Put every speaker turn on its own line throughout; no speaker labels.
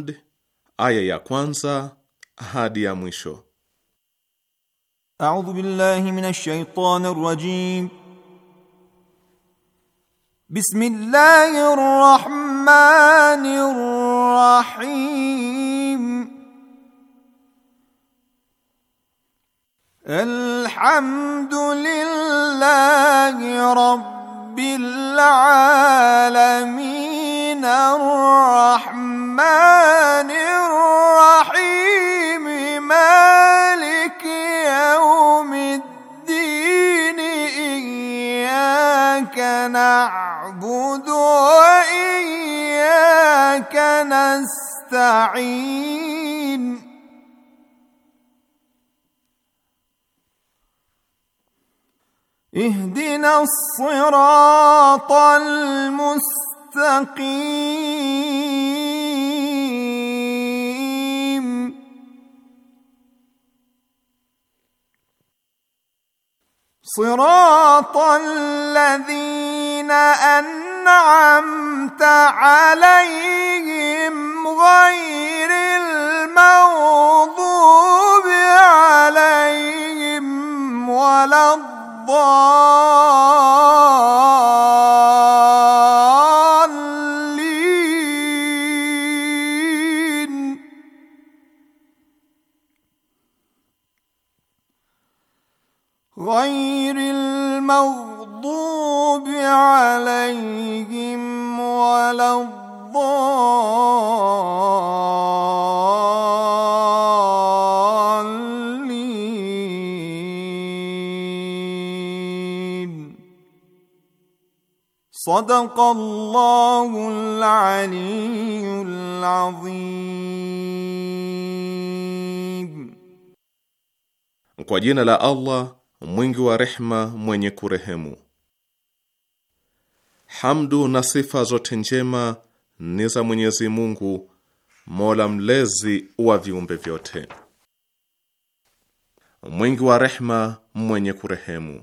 Hamd, aya ya kwanza hadi ya mwisho.
A'udhu billahi minash shaitanir rajim. Bismillahir rahmanir rahim. Alhamdulillahi rabbil alamin. العالمين الرحمن الرحيم مالك يوم الدين إياك نعبد وإياك نستعين اهدنا الصراط المستقيم صراط الذين انعمت عليهم غير المغضوب عليهم ولا الضالين الضالين غير المغضوب عليهم ولا الضالين Sadaqallahul aliyyul azim.
Kwa jina la Allah mwingi wa rehma mwenye kurehemu. Hamdu na sifa zote njema ni za Mwenyezi Mungu mola mlezi wa viumbe vyote, mwingi wa rehma mwenye kurehemu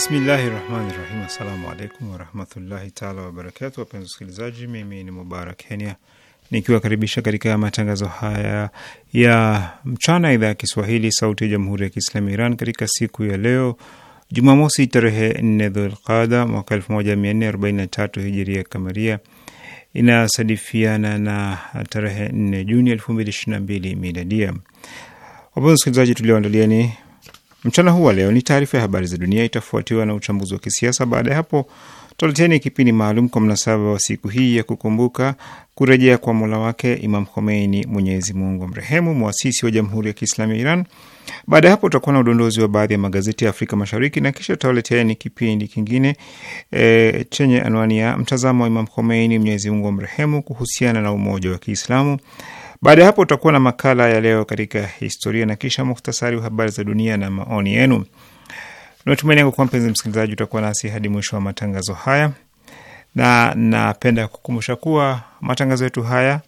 Bismillahi rahmani rahim. Assalamu alaikum warahmatullahi taala wabarakatu. Wapenzi wasikilizaji, mimi ni Mubarak Kenya nikiwakaribisha katika matangazo haya ya mchana, idhaa ya Kiswahili sauti ya jamhuri ya Kiislami Iran katika siku ya leo Jumamosi tarehe nne Dhulqada mwaka elfu moja mia nne arobaini na tatu hijiria kamaria inasadifiana na tarehe nne Juni elfu mbili ishirini na mbili miladia. Wapenzi wasikilizaji, tulioandalia ni Mchana huu wa leo ni taarifa ya habari za dunia, itafuatiwa na uchambuzi wa kisiasa. Baada ya hapo, tutaleteni kipindi maalum kwa mnasaba wa siku hii ya kukumbuka kurejea kwa mola wake Imam Khomeini, Mwenyezi Mungu amrehemu, mwasisi wa Jamhuri ya Kiislamu ya Iran. Baada ya hapo, tutakuwa na udondozi wa baadhi ya magazeti ya Afrika Mashariki na kisha tutawaleteeni kipindi kingine e, chenye anwani ya mtazamo wa Imam Khomeini, Mwenyezi Mungu amrehemu, kuhusiana na umoja wa Kiislamu. Baada ya hapo utakuwa na makala ya leo katika historia na kisha muhtasari wa habari za dunia na maoni yenu. Natumaini yangu kuwa mpenzi msikilizaji utakuwa nasi hadi mwisho wa matangazo haya, na napenda kukumbusha kuwa matangazo yetu haya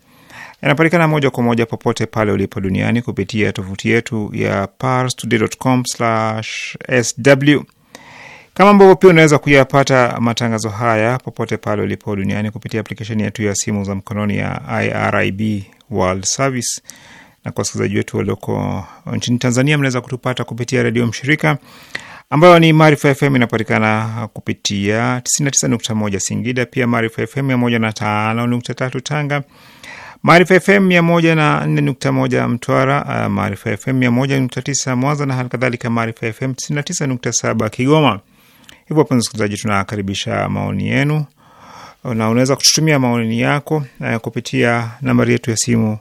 yanapatikana moja kwa moja popote pale ulipo duniani kupitia tovuti yetu ya parstoday.com/sw, kama ambavyo pia unaweza kuyapata matangazo haya popote pale ulipo duniani kupitia aplikesheni yetu ya simu za mkononi ya IRIB World Service. Na kwa wasikilizaji wetu walioko nchini Tanzania, mnaweza kutupata kupitia redio mshirika ambayo ni Maarifa FM, inapatikana kupitia 99.1 Singida, pia Maarifa FM 105.3 Tanga, Maarifa FM 104.1 Mtwara, uh, Maarifa FM 101.9 Mwanza na halikadhalika kadhalika Maarifa FM 99.7 Kigoma. Hivyo wapenzi wasikilizaji, tunakaribisha maoni yenu na unaweza kututumia maoni yako uh, kupitia nambari yetu ya simu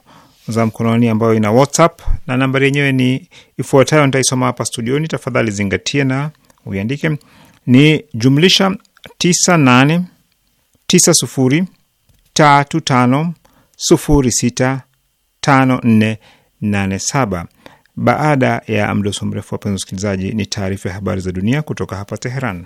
za mkononi ambayo ina WhatsApp na nambari yenyewe ni ifuatayo, nitaisoma hapa studioni. Tafadhali zingatie na uiandike, ni jumlisha 98 90 Baada ya mdoso mrefu, wapenzi wasikilizaji, ni taarifa ya habari za dunia kutoka hapa Teheran.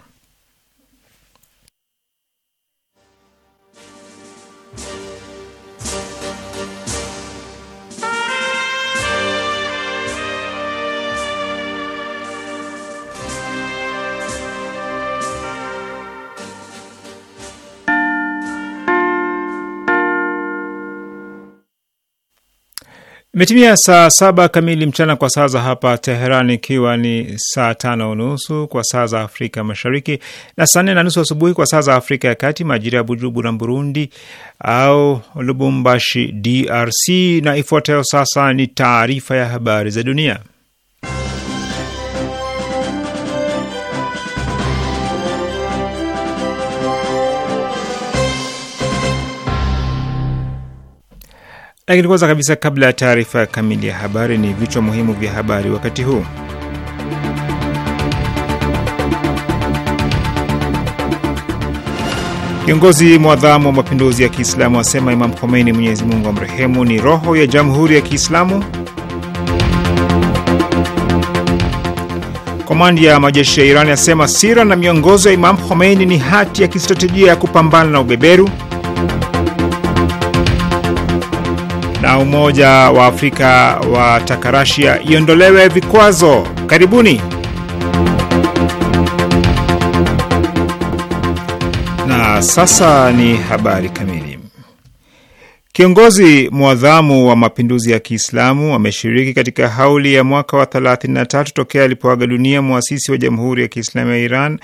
Imetimia saa saba kamili mchana kwa saa za hapa Teheran, ikiwa ni saa tano unusu kwa saa za Afrika Mashariki na saa nne na nusu asubuhi kwa saa za Afrika ya Kati, majira ya Bujumbura, Burundi au Lubumbashi, DRC. Na ifuatayo sasa ni taarifa ya habari za dunia. Lakini kwanza kabisa, kabla ya taarifa kamili ya habari, ni vichwa muhimu vya habari wakati huu. Kiongozi mwadhamu wa mapinduzi ya Kiislamu asema Imam Khomeini, Mwenyezi Mungu amrehemu, ni roho ya jamhuri ya Kiislamu. Komandi ya majeshi ya Iran yasema sira na miongozo ya Imam Khomeini ni hati ya kistratejia ya kupambana na ubeberu. na Umoja wa Afrika wataka Rasia iondolewe vikwazo. Karibuni. Na sasa ni habari kamili. Kiongozi mwadhamu wa mapinduzi ya Kiislamu ameshiriki katika hauli ya mwaka wa 33 tokea alipoaga dunia mwasisi wa Jamhuri ya Kiislamu ya Iran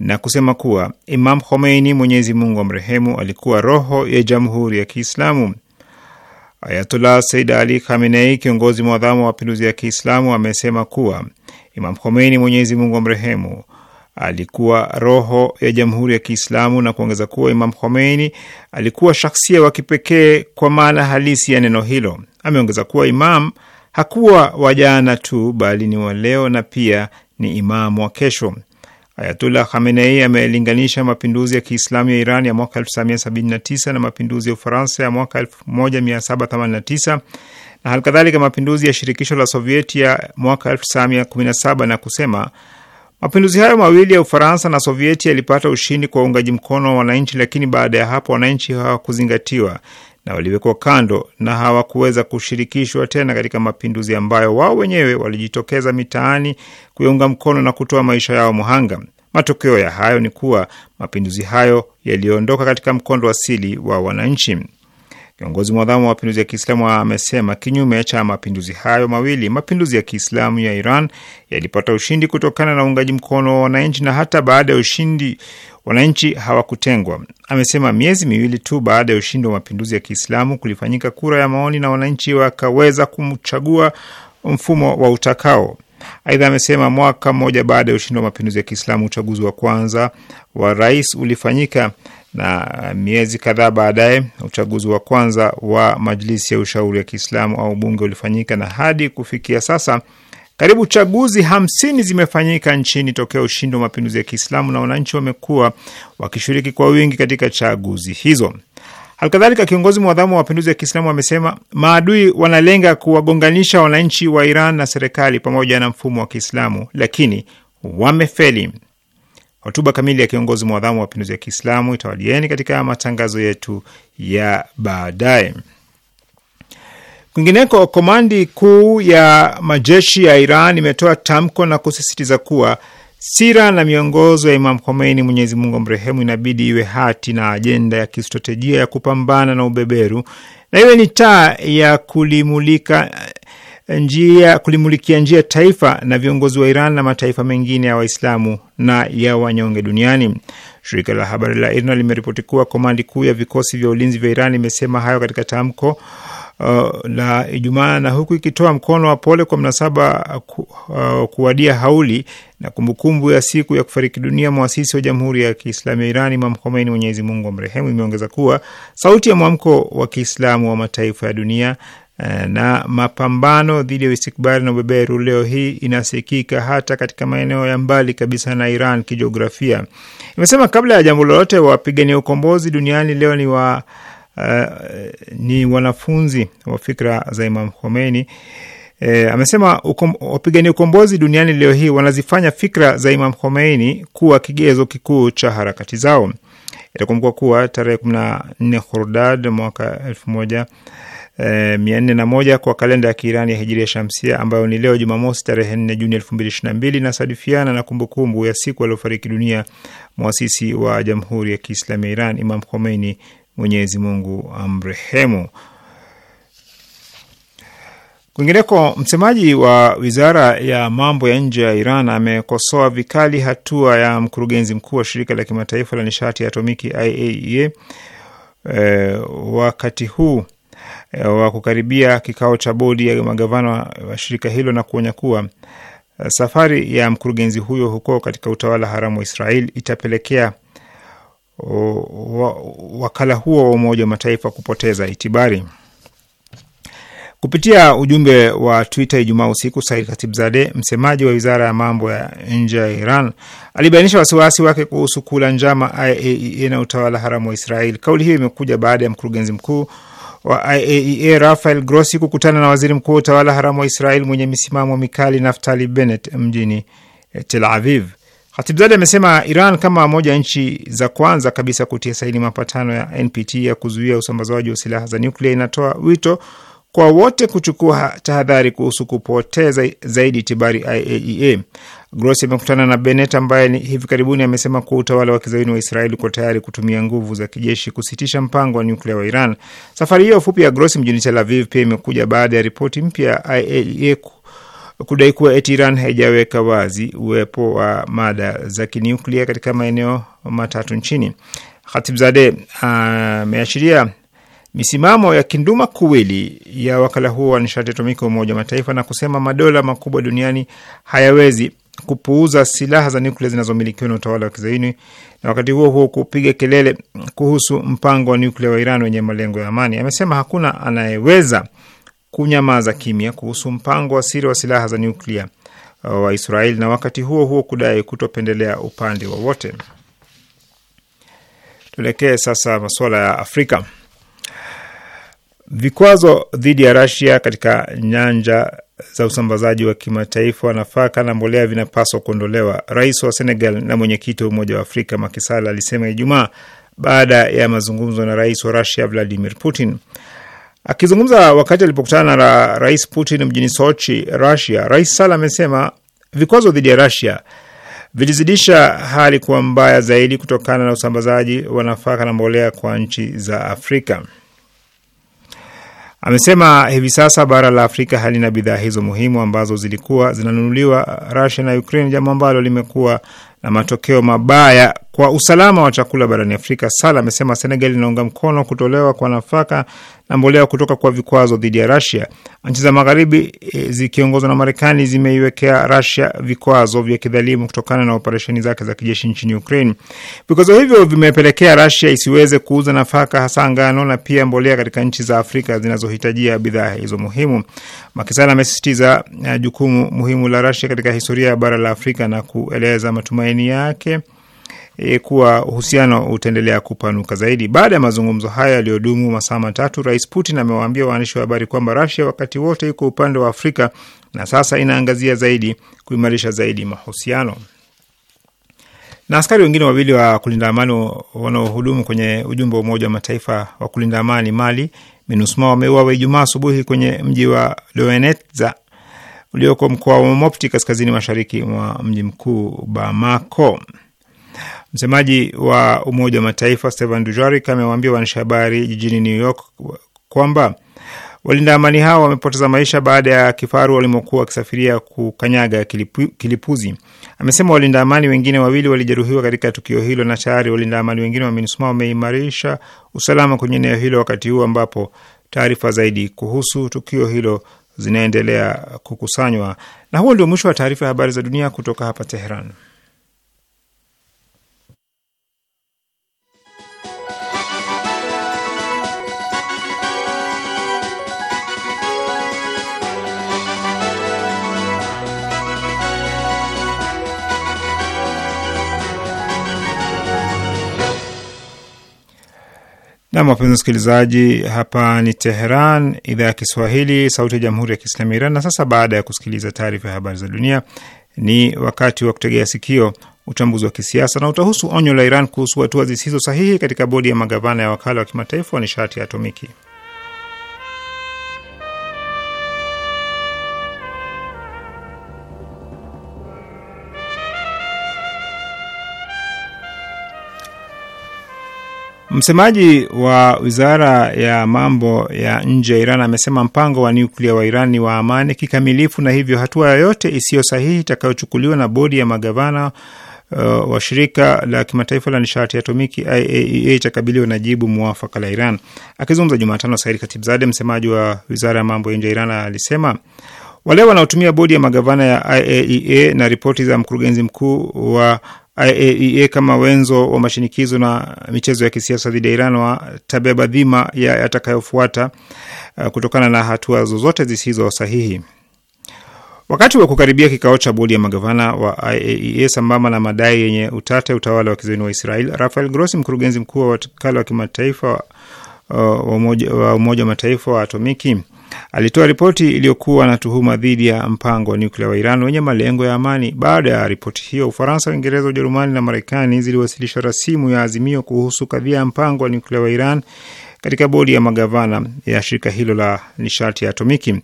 na kusema kuwa Imam Khomeini, Mwenyezi Mungu amrehemu, alikuwa roho ya Jamhuri ya Kiislamu. Ayatullah Said Ali Khamenei, kiongozi mwadhamu wa mapinduzi ya Kiislamu, amesema kuwa Imam Khomeini, Mwenyezi Mungu amrehemu, alikuwa roho ya jamhuri ya Kiislamu na kuongeza kuwa Imam Khomeini alikuwa shakhsia wa kipekee kwa maana halisi ya neno hilo. Ameongeza kuwa Imam hakuwa wa jana tu, bali ni wa leo na pia ni imamu wa kesho. Ayatullah Khamenei amelinganisha mapinduzi ya Kiislamu ya Iran ya mwaka 1979 na mapinduzi ya Ufaransa ya mwaka 1789 na halikadhalika mapinduzi ya shirikisho la Sovieti ya mwaka 1917 na kusema mapinduzi hayo mawili ya Ufaransa na Sovieti yalipata ushindi kwa uungaji mkono wa wananchi, lakini baada ya hapo wananchi hawakuzingatiwa na waliwekwa kando na hawakuweza kushirikishwa tena katika mapinduzi ambayo wao wenyewe walijitokeza mitaani kuyaunga mkono na kutoa maisha yao muhanga. Matokeo ya hayo ni kuwa mapinduzi hayo yaliondoka katika mkondo asili wa wananchi. Kiongozi mwadhamu wa mapinduzi ya Kiislamu amesema kinyume cha mapinduzi hayo mawili, mapinduzi ya Kiislamu ya Iran yalipata ushindi kutokana na uungaji mkono wa wananchi, na hata baada ya ushindi wananchi hawakutengwa. Amesema miezi miwili tu baada ya ushindi wa mapinduzi ya Kiislamu kulifanyika kura ya maoni na wananchi wakaweza kumchagua mfumo wa utakao. Aidha, amesema mwaka mmoja baada ya ushindi wa mapinduzi ya Kiislamu uchaguzi wa kwanza wa rais ulifanyika na eh, miezi kadhaa baadaye uchaguzi wa kwanza wa Majlisi ya Ushauri ya Kiislamu au bunge ulifanyika, na hadi kufikia sasa karibu chaguzi hamsini zimefanyika nchini tokea ushindi wa mapinduzi ya Kiislamu, na wananchi wamekuwa wakishiriki kwa wingi katika chaguzi hizo. Halikadhalika, kiongozi mwadhamu wa mapinduzi ya Kiislamu amesema maadui wanalenga kuwagonganisha wananchi wa Iran na serikali pamoja na mfumo wa Kiislamu, lakini wamefeli. Hotuba kamili ya kiongozi mwadhamu wa mapinduzi ya Kiislamu itawalieni katika matangazo yetu ya baadaye. Kwingineko, komandi kuu ya majeshi ya Iran imetoa tamko na kusisitiza kuwa sira na miongozo ya Imam Khomeini, Mwenyezi Mungu amrehemu, inabidi iwe hati na ajenda ya kistratejia ya kupambana na ubeberu na iwe ni taa ya kulimulika njia kulimulikia njia taifa na viongozi wa Iran na mataifa mengine ya Waislamu na ya wanyonge duniani. Shirika la habari la IRNA limeripoti kuwa komandi kuu ya vikosi vya ulinzi vya Iran imesema hayo katika tamko Uh, la Ijumaa na huku ikitoa mkono wa pole kwa mnasaba uh, kuwadia hauli na kumbukumbu ya siku ya kufariki dunia mwasisi wa Jamhuri ya Kiislamu ya Iran Imam Khomeini, Mwenyezi Mungu mrehemu. imeongeza kuwa sauti ya mwamko wa Kiislamu wa mataifa ya dunia Eh, na mapambano dhidi ya istikbari na ubeberu leo hii inasikika hata katika maeneo ya mbali kabisa na Iran kijiografia. Imesema kabla ya jambo lolote, wapigania ukombozi duniani leo ni wa uh, ni wanafunzi wa fikra za Imam Khomeini. E, amesema ukom, wapigania ukombozi duniani leo hii wanazifanya fikra za Imam Khomeini kuwa kigezo kikuu cha harakati zao. Itakumbukwa kuwa tarehe 14 Khordad mwaka elfu moja Eh, e, 401 na moja kwa kalenda ya Kiirani ya hijiria shamsia ambayo ni leo Jumamosi tarehe 4 Juni 2022 na inasadifiana na kumbukumbu ya siku aliofariki dunia mwasisi wa Jamhuri ya Kiislamu ya Iran Imam Khomeini, Mwenyezi Mungu amrehemu. Kwingineko, msemaji wa wizara ya mambo ya nje ya Iran amekosoa vikali hatua ya mkurugenzi mkuu wa shirika la kimataifa la nishati ya atomiki IAEA e, eh, wakati huu Eh, wa kukaribia kikao cha bodi ya magavana wa shirika hilo na kuonya kuwa eh, safari ya mkurugenzi huyo huko katika utawala haramu wa Israel itapelekea wakala huo wa Umoja wa Mataifa kupoteza itibari. Kupitia ujumbe wa Twitter Ijumaa usiku, Said Khatibzadeh, msemaji wa wizara ya mambo ya nje ya Iran, alibainisha wasiwasi wake kuhusu kula njama IAEA e na utawala haramu wa Israel. Kauli hiyo imekuja baada ya mkurugenzi mkuu wa IAEA e, Rafael Grossi kukutana na waziri mkuu wa utawala haramu wa Israel mwenye misimamo mikali Naftali Bennett mjini eh, Tel Aviv. Khatibzadeh amesema Iran kama moja nchi za kwanza kabisa kutia saini mapatano ya NPT ya kuzuia usambazaji wa silaha za nyuklia inatoa wito kwa wote kuchukua tahadhari kuhusu kupoteza zaidi tibari IAEA. E Grossi amekutana na Bennett ambaye hivi karibuni amesema kuwa utawala wa kizayuni wa Israeli uko tayari kutumia nguvu za kijeshi kusitisha mpango wa nyuklia wa Iran. Safari hiyo fupi ya Grossi mjini Tel Aviv pia imekuja baada ya ripoti mpya IAEA e kudai kuwa eti Iran haijaweka wazi uwepo wa mada za kinuklia katika maeneo matatu nchini. Khatibzade ah, ameashiria uh, misimamo ya kinduma kuwili ya wakala huo wa nishati atomiki wa Umoja wa Mataifa na kusema madola makubwa duniani hayawezi kupuuza silaha za nyuklia zinazomilikiwa na utawala wa kizaini na wakati huo huo kupiga kelele kuhusu mpango wa nyuklia wa Iran wenye malengo ya amani. Amesema hakuna anayeweza kunyamaza kimya kuhusu mpango wa siri wa silaha za nyuklia uh, wa israel na wakati huo huo kudai kutopendelea upande wowote. Tuelekee sasa masuala ya Afrika. Vikwazo dhidi ya Russia katika nyanja za usambazaji wa kimataifa wa nafaka na mbolea vinapaswa kuondolewa. Rais wa Senegal na mwenyekiti wa Umoja wa Afrika makisal alisema Ijumaa baada ya mazungumzo na rais wa Rusia Vladimir Putin. Akizungumza wakati alipokutana na Rais Putin mjini Sochi, Rusia, Rais sal amesema vikwazo dhidi ya Rusia vilizidisha hali kuwa mbaya zaidi kutokana na usambazaji wa nafaka na mbolea kwa nchi za Afrika. Amesema hivi sasa bara la Afrika halina bidhaa hizo muhimu ambazo zilikuwa zinanunuliwa Rusia na Ukraine, jambo ambalo limekuwa na matokeo mabaya kwa usalama wa chakula barani Afrika. Sala amesema Senegal inaunga mkono kutolewa kwa nafaka na mbolea kutoka kwa vikwazo dhidi ya Rasia. Nchi za magharibi eh, zikiongozwa na Marekani zimeiwekea Rasia vikwazo vya kidhalimu kutokana na operesheni zake za kijeshi nchini Ukraine. Vikwazo hivyo vimepelekea Rasia isiweze kuuza nafaka, hasa ngano na pia mbolea katika nchi za Afrika zinazohitajia bidhaa hizo muhimu. Makisana amesisitiza eh, jukumu muhimu la Rasia katika historia ya bara la Afrika na kueleza matumaini yake e, kuwa uhusiano utaendelea kupanuka zaidi. Baada ya mazungumzo hayo yaliyodumu masaa matatu, Rais Putin amewaambia waandishi wa habari kwamba rasia wakati wote iko upande wa Afrika na sasa inaangazia zaidi kuimarisha zaidi mahusiano na askari wengine wawili wa kulinda amani wanaohudumu kwenye ujumbe wa Umoja wa Mataifa wa kulinda amani Mali, MINUSMA, wameuawa Ijumaa asubuhi kwenye mji wa Loenetza ulioko mkoa wa Mopti, kaskazini mashariki mwa mji mkuu Bamako. Msemaji wa Umoja wa Mataifa Stephane Dujarric amewaambia waandishi habari jijini New York kwamba walinda amani hao wamepoteza maisha baada ya kifaru walimokuwa wakisafiria kukanyaga kilipu, kilipuzi. Amesema walinda amani wengine wawili walijeruhiwa katika tukio hilo, na tayari walinda amani wengine wa MINUSMA wameimarisha usalama kwenye eneo hilo, wakati huu ambapo taarifa zaidi kuhusu tukio hilo zinaendelea kukusanywa. Na huo ndio mwisho wa taarifa ya habari za dunia kutoka hapa Teheran. Na wapenzi wasikilizaji, hapa ni Teheran, idhaa ya Kiswahili, sauti ya jamhuri ya kiislami ya Iran. Na sasa baada ya kusikiliza taarifa ya habari za dunia, ni wakati wa kutegea sikio uchambuzi wa kisiasa, na utahusu onyo la Iran kuhusu hatua zisizo sahihi katika bodi ya magavana ya wakala wa kimataifa wa nishati ya atomiki. Msemaji wa wizara ya mambo ya nje ya Iran amesema mpango wa nyuklia wa Iran ni wa amani kikamilifu, na hivyo hatua yoyote isiyo sahihi itakayochukuliwa na bodi ya magavana uh, wa shirika la kimataifa la nishati ya atomiki IAEA e itakabiliwa na jibu mwafaka la Iran. Akizungumza Jumatano, Said Khatibzadeh, msemaji wa wizara ya mambo ya nje ya Iran, alisema wale wanaotumia bodi ya magavana ya IAEA e na ripoti za mkurugenzi mkuu wa IAEA e kama wenzo wa mashinikizo na michezo ya kisiasa dhidi ya Iran watabeba dhima ya yatakayofuata uh, kutokana na hatua zozote zisizo sahihi. Wakati wa kukaribia kikao cha bodi ya magavana wa IAEA e sambamba na madai yenye utata utawala wa kizayuni wa Israel, Rafael Grossi, mkurugenzi mkuu wa wakala wa kimataifa wa uh, Umoja wa Mataifa wa atomiki alitoa ripoti iliyokuwa na tuhuma dhidi ya mpango wa nyuklia wa Iran wenye malengo ya amani. Baada ya ripoti hiyo, Ufaransa, Uingereza, Ujerumani na Marekani ziliwasilisha rasimu ya azimio kuhusu kadhia ya mpango wa nyuklia wa Iran katika bodi ya magavana ya shirika hilo la nishati ya atomiki.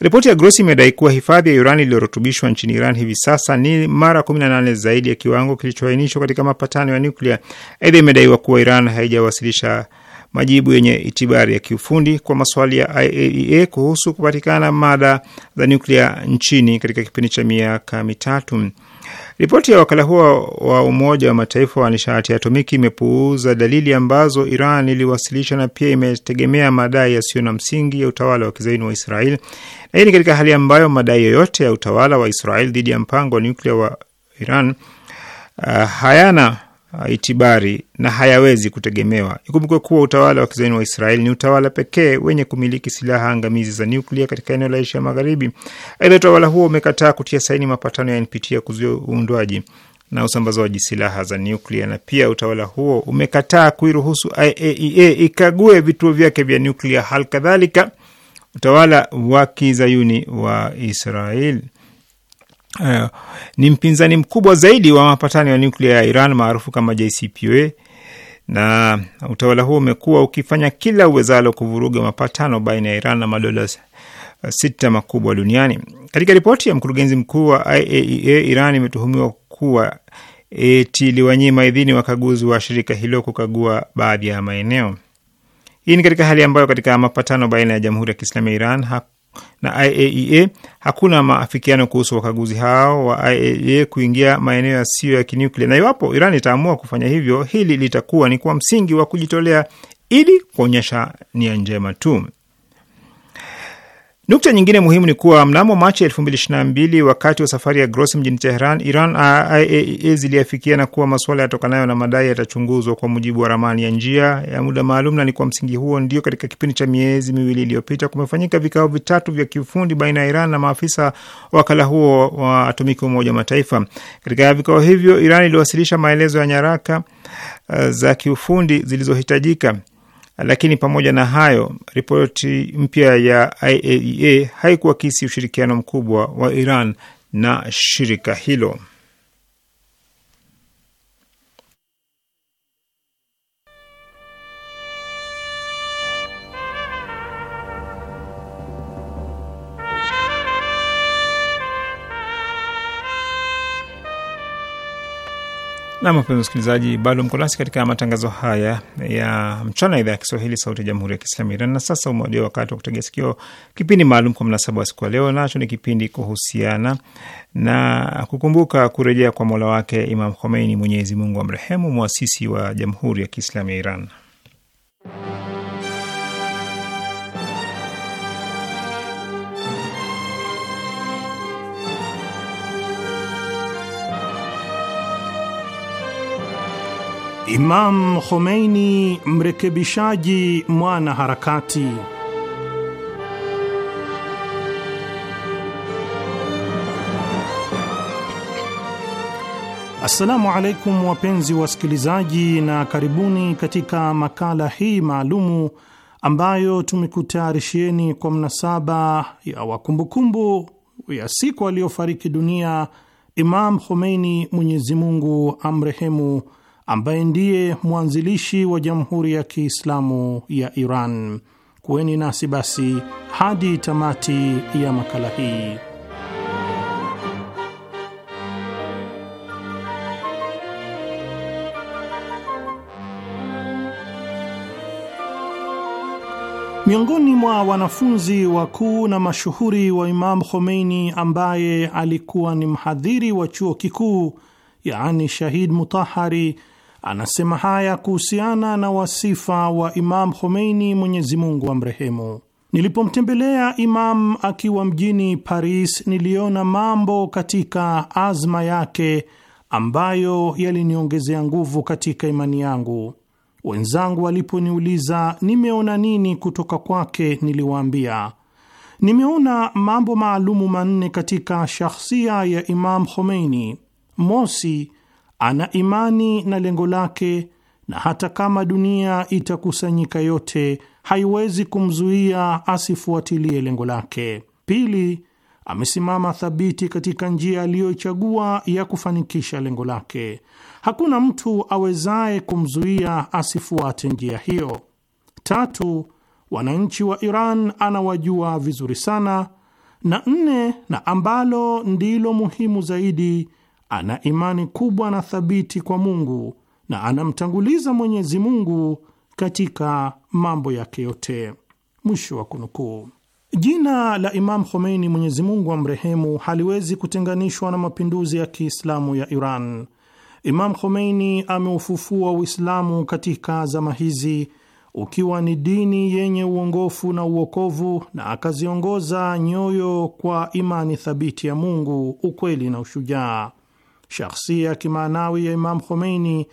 Ripoti ya Grossi imedai kuwa hifadhi ya urani iliyorutubishwa nchini Iran hivi sasa ni mara 18 zaidi ya kiwango kilichoainishwa katika mapatano ya nyuklia. Aidha, imedaiwa kuwa Iran haijawasilisha majibu yenye itibari ya kiufundi kwa maswali ya IAEA e kuhusu kupatikana mada za nyuklia nchini katika kipindi cha miaka mitatu. Ripoti ya wakala huo wa Umoja wa Mataifa wa nishati ya atomiki imepuuza dalili ambazo Iran iliwasilisha na pia imetegemea madai yasiyo na msingi ya utawala wa kizaini wa Israel, na hii ni katika hali ambayo madai yoyote ya utawala wa Israel dhidi ya mpango wa nyuklia wa Iran uh, hayana Uh, itibari na hayawezi kutegemewa. Ikumbukwe kuwa utawala wa kizayuni wa israel ni utawala pekee wenye kumiliki silaha angamizi za nuklia katika eneo la Asia Magharibi. Aidha, utawala huo umekataa kutia saini mapatano ya NPT ya kuzuia uundwaji na usambazaji silaha za nuklia na pia utawala huo umekataa kuiruhusu IAEA e ikague vituo vyake vya nuklia Hal kadhalika utawala wa kizayuni wa israel Eh, ni mpinzani mkubwa zaidi wa mapatano ya nuklia ya Iran maarufu kama JCPOA na utawala huo umekuwa ukifanya kila uwezalo kuvuruga mapatano baina ya Iran na madola sita makubwa duniani. Katika ripoti ya mkurugenzi mkuu wa IAEA, e Iran imetuhumiwa kuwa eti idhini wakaguzi wa shirika hilo kukagua baadhi ya maeneo. Hii ni katika hali ambayo katika mapatano baina ya Jamhuri ya Kiislamu ya Iran na IAEA. E hakuna maafikiano kuhusu wakaguzi hao wa IAEA e kuingia maeneo yasiyo ya kinuklia, na iwapo Iran itaamua kufanya hivyo, hili litakuwa ni kwa msingi wa kujitolea ili kuonyesha nia njema tu. Nukta nyingine muhimu ni kuwa mnamo Machi 2022 wakati wa safari ya Grossi mjini Tehran, Iran IAEA e ziliafikia na kuwa masuala yatokanayo na madai yatachunguzwa kwa mujibu wa ramani ya njia ya muda maalum, na ni kwa msingi huo ndio katika kipindi cha miezi miwili iliyopita kumefanyika vikao vitatu vya kiufundi baina ya Iran na maafisa wakala huo wa atomiki wa Umoja wa Mataifa. Katika vikao hivyo, Iran iliwasilisha maelezo ya nyaraka uh, za kiufundi zilizohitajika lakini pamoja na hayo, ripoti mpya ya IAEA e haikuakisi ushirikiano mkubwa wa Iran na shirika hilo. Nam, wapenzi msikilizaji, bado mko nasi katika matangazo haya ya mchana, idhaa ya Kiswahili sauti ya jamhuri ya kiislamu Iran. Na sasa umewadia wakati wa kutegea sikio kipindi maalum kwa mnasaba wa siku ya leo, nacho ni kipindi kuhusiana na kukumbuka kurejea kwa mola wake Imam Khomeini, Mwenyezi Mungu amrehemu, mwasisi wa jamhuri ya kiislamu ya Iran.
Imam Khomeini, mrekebishaji mwana harakati Assalamu alaikum wapenzi wasikilizaji, na karibuni katika makala hii maalumu ambayo tumekutayarishieni kwa mnasaba ya wakumbukumbu ya siku aliyofariki dunia Imam Khomeini, Mwenyezi Mungu amrehemu ambaye ndiye mwanzilishi wa Jamhuri ya Kiislamu ya Iran. Kuweni nasi basi hadi tamati ya makala hii. Miongoni mwa wanafunzi wakuu na mashuhuri wa Imam Khomeini ambaye alikuwa ni mhadhiri wa chuo kikuu, yaani Shahid Mutahari Anasema haya kuhusiana na wasifa wa Imam Khomeini, Mwenyezi Mungu amrehemu. Nilipomtembelea Imam akiwa mjini Paris, niliona mambo katika azma yake ambayo yaliniongezea nguvu katika imani yangu. Wenzangu waliponiuliza nimeona nini kutoka kwake, niliwaambia nimeona mambo maalumu manne katika shahsia ya Imam Khomeini. Mosi, ana imani na lengo lake, na hata kama dunia itakusanyika yote, haiwezi kumzuia asifuatilie lengo lake. Pili, amesimama thabiti katika njia aliyoichagua ya kufanikisha lengo lake. Hakuna mtu awezaye kumzuia asifuate njia hiyo. Tatu, wananchi wa Iran anawajua vizuri sana, na nne, na ambalo ndilo muhimu zaidi ana imani kubwa na thabiti kwa Mungu na anamtanguliza Mwenyezi Mungu katika mambo yake yote. Mwisho wa kunukuu. Jina la Imam Khomeini, Mwenyezi Mungu amrehemu, haliwezi kutenganishwa na mapinduzi ya Kiislamu ya Iran. Imam Khomeini ameufufua Uislamu katika zama hizi ukiwa ni dini yenye uongofu na uokovu, na akaziongoza nyoyo kwa imani thabiti ya Mungu, ukweli na ushujaa. Shakhsia ya kimaanawi ya Imam Khomeini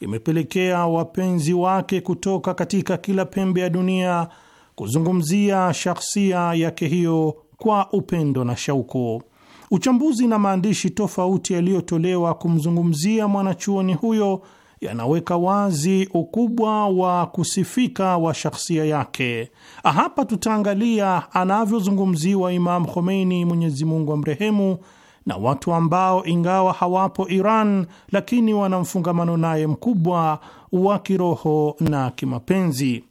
imepelekea wapenzi wake kutoka katika kila pembe ya dunia kuzungumzia shakhsia yake hiyo kwa upendo na shauku. Uchambuzi na maandishi tofauti yaliyotolewa kumzungumzia mwanachuoni huyo yanaweka wazi ukubwa wa kusifika wa shakhsia yake. Hapa tutaangalia anavyozungumziwa Imam Khomeini, Mwenyezi Mungu amrehemu, na watu ambao ingawa hawapo Iran lakini wana mfungamano naye mkubwa wa kiroho na kimapenzi.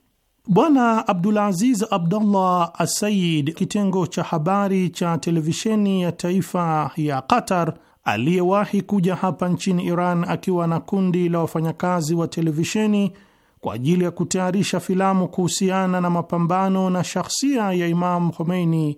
Bwana Abdulaziz Abdullah Asayid, kitengo cha habari cha televisheni ya taifa ya Qatar, aliyewahi kuja hapa nchini Iran akiwa na kundi la wafanyakazi wa televisheni kwa ajili ya kutayarisha filamu kuhusiana na mapambano na shahsia ya Imam Khomeini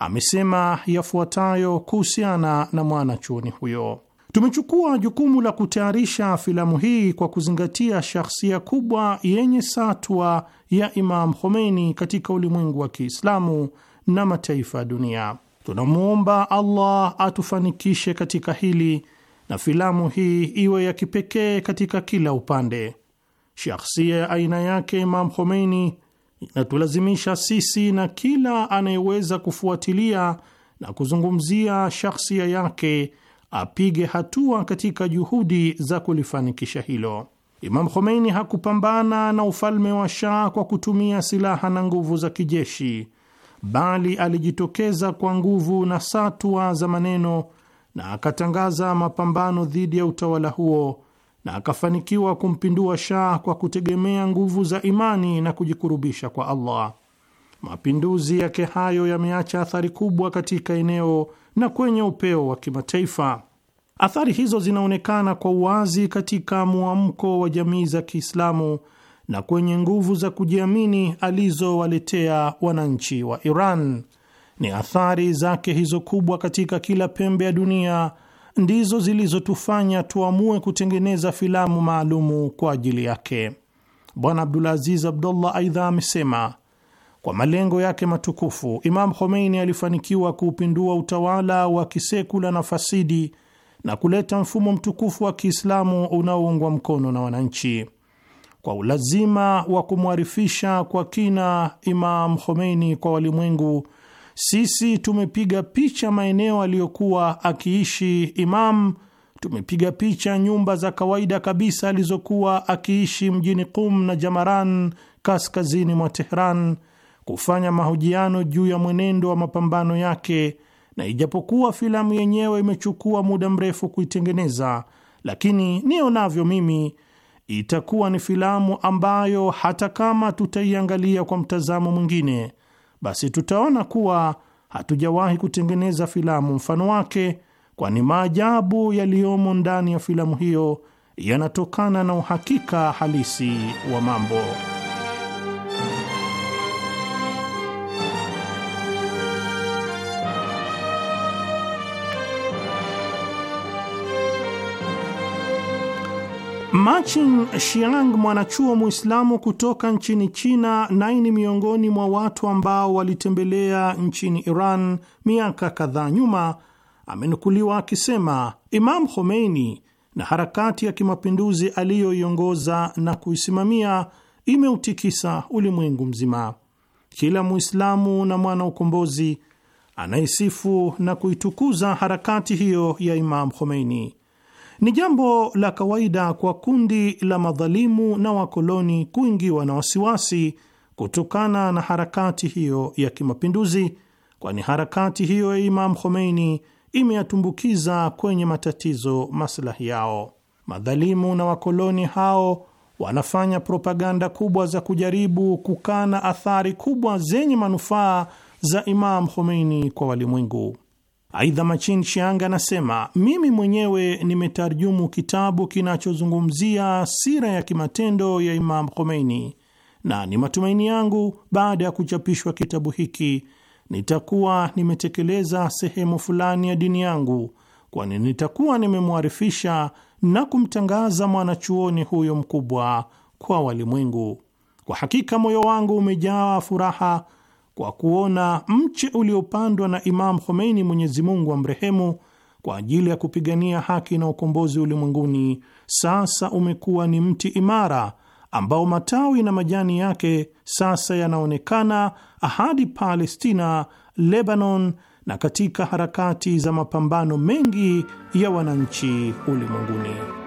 amesema yafuatayo kuhusiana na mwanachuoni huyo: Tumechukua jukumu la kutayarisha filamu hii kwa kuzingatia shahsia kubwa yenye satwa ya Imam Khomeini katika ulimwengu wa Kiislamu na mataifa ya dunia. Tunamwomba Allah atufanikishe katika hili na filamu hii iwe ya kipekee katika kila upande. Shahsia ya aina yake Imam Khomeini inatulazimisha sisi na kila anayeweza kufuatilia na kuzungumzia shakhsia yake apige hatua katika juhudi za kulifanikisha hilo. Imam Khomeini hakupambana na ufalme wa Shah kwa kutumia silaha na nguvu za kijeshi, bali alijitokeza kwa nguvu na satwa za maneno na akatangaza mapambano dhidi ya utawala huo na akafanikiwa kumpindua Shah kwa kutegemea nguvu za imani na kujikurubisha kwa Allah. Mapinduzi yake hayo yameacha athari kubwa katika eneo na kwenye upeo wa kimataifa. Athari hizo zinaonekana kwa uwazi katika mwamko wa jamii za Kiislamu na kwenye nguvu za kujiamini alizowaletea wananchi wa Iran. Ni athari zake hizo kubwa katika kila pembe ya dunia ndizo zilizotufanya tuamue kutengeneza filamu maalumu kwa ajili yake. Bwana Abdulaziz Abdullah aidha amesema kwa malengo yake matukufu, Imam Khomeini alifanikiwa kuupindua utawala wa kisekula na fasidi na kuleta mfumo mtukufu wa Kiislamu unaoungwa mkono na wananchi. Kwa ulazima wa kumwarifisha kwa kina Imam Khomeini kwa walimwengu sisi tumepiga picha maeneo aliyokuwa akiishi Imam, tumepiga picha nyumba za kawaida kabisa alizokuwa akiishi mjini Qum na Jamaran, kaskazini mwa Tehran, kufanya mahojiano juu ya mwenendo wa mapambano yake. Na ijapokuwa filamu yenyewe imechukua muda mrefu kuitengeneza, lakini nionavyo mimi itakuwa ni filamu ambayo hata kama tutaiangalia kwa mtazamo mwingine basi tutaona kuwa hatujawahi kutengeneza filamu mfano wake, kwani maajabu yaliyomo ndani ya filamu hiyo yanatokana na uhakika halisi wa mambo. Machin Shiang, mwanachuo Mwislamu kutoka nchini China, naye ni miongoni mwa watu ambao walitembelea nchini Iran miaka kadhaa nyuma, amenukuliwa akisema Imam Khomeini na harakati ya kimapinduzi aliyoiongoza na kuisimamia imeutikisa ulimwengu mzima. Kila Mwislamu na mwana ukombozi anaisifu na kuitukuza harakati hiyo ya Imam Khomeini. Ni jambo la kawaida kwa kundi la madhalimu na wakoloni kuingiwa na wasiwasi kutokana na harakati hiyo ya kimapinduzi, kwani harakati hiyo ya Imam Khomeini imeyatumbukiza kwenye matatizo maslahi yao. Madhalimu na wakoloni hao wanafanya propaganda kubwa za kujaribu kukana athari kubwa zenye manufaa za Imam Khomeini kwa walimwengu. Aidha, Machin Shianga anasema mimi mwenyewe nimetarjumu kitabu kinachozungumzia sira ya kimatendo ya Imam Khomeini, na ni matumaini yangu baada ya kuchapishwa kitabu hiki nitakuwa nimetekeleza sehemu fulani ya dini yangu, kwani nitakuwa nimemwarifisha na kumtangaza mwanachuoni huyo mkubwa kwa walimwengu. Kwa hakika moyo wangu umejaa furaha kwa kuona mche uliopandwa na Imam Khomeini, Mwenyezi Mungu amrehemu, kwa ajili ya kupigania haki na ukombozi ulimwenguni, sasa umekuwa ni mti imara ambao matawi na majani yake sasa yanaonekana hadi Palestina, Lebanon na katika harakati za mapambano mengi ya wananchi ulimwenguni.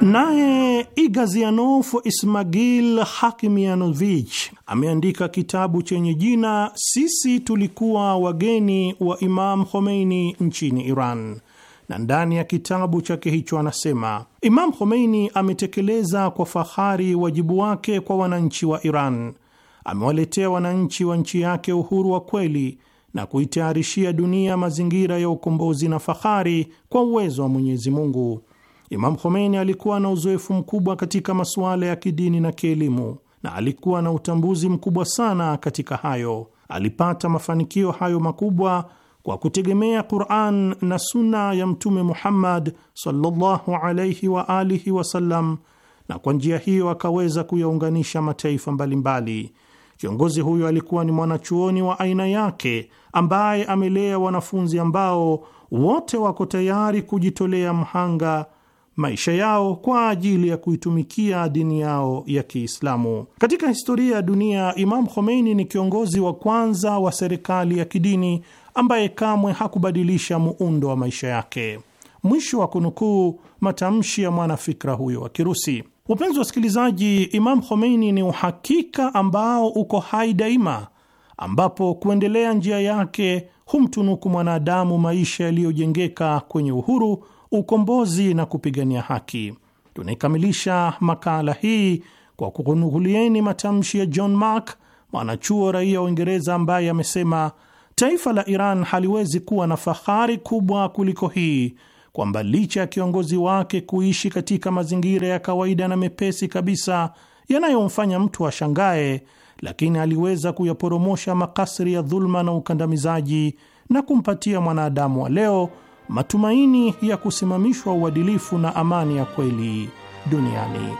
Naye igazianof Ismagil Hakimianovich ameandika kitabu chenye jina Sisi tulikuwa wageni wa Imam Khomeini nchini Iran, na ndani ya kitabu chake hicho anasema Imam Khomeini ametekeleza kwa fahari wajibu wake kwa wananchi wa Iran. Amewaletea wananchi wa nchi yake uhuru wa kweli na kuitayarishia dunia mazingira ya ukombozi na fahari kwa uwezo wa Mwenyezi Mungu. Imam Khomeini alikuwa na uzoefu mkubwa katika masuala ya kidini na kielimu, na alikuwa na utambuzi mkubwa sana katika hayo. Alipata mafanikio hayo makubwa kwa kutegemea Quran na Sunna ya Mtume Muhammad sallallahu alayhi wa alihi wasallam, na kwa njia hiyo akaweza kuyaunganisha mataifa mbalimbali. Kiongozi huyo alikuwa ni mwanachuoni wa aina yake ambaye amelea wanafunzi ambao wote wako tayari kujitolea mhanga maisha yao kwa ajili ya kuitumikia dini yao ya Kiislamu. Katika historia ya dunia, Imam Khomeini ni kiongozi wa kwanza wa serikali ya kidini ambaye kamwe hakubadilisha muundo wa maisha yake. Mwisho wa kunukuu matamshi ya mwanafikra huyo wa Kirusi. Wapenzi wa wasikilizaji, Imam Khomeini ni uhakika ambao uko hai daima, ambapo kuendelea njia yake humtunuku mwanadamu maisha yaliyojengeka kwenye uhuru ukombozi na kupigania haki. Tunaikamilisha makala hii kwa kukunughulieni matamshi ya John Mark, mwanachuo raia wa Uingereza, ambaye amesema taifa la Iran haliwezi kuwa na fahari kubwa kuliko hii kwamba licha ya kiongozi wake kuishi katika mazingira ya kawaida na mepesi kabisa yanayomfanya mtu ashangae, lakini aliweza kuyaporomosha makasri ya dhuluma na ukandamizaji na kumpatia mwanadamu wa leo matumaini ya kusimamishwa uadilifu na amani ya kweli duniani.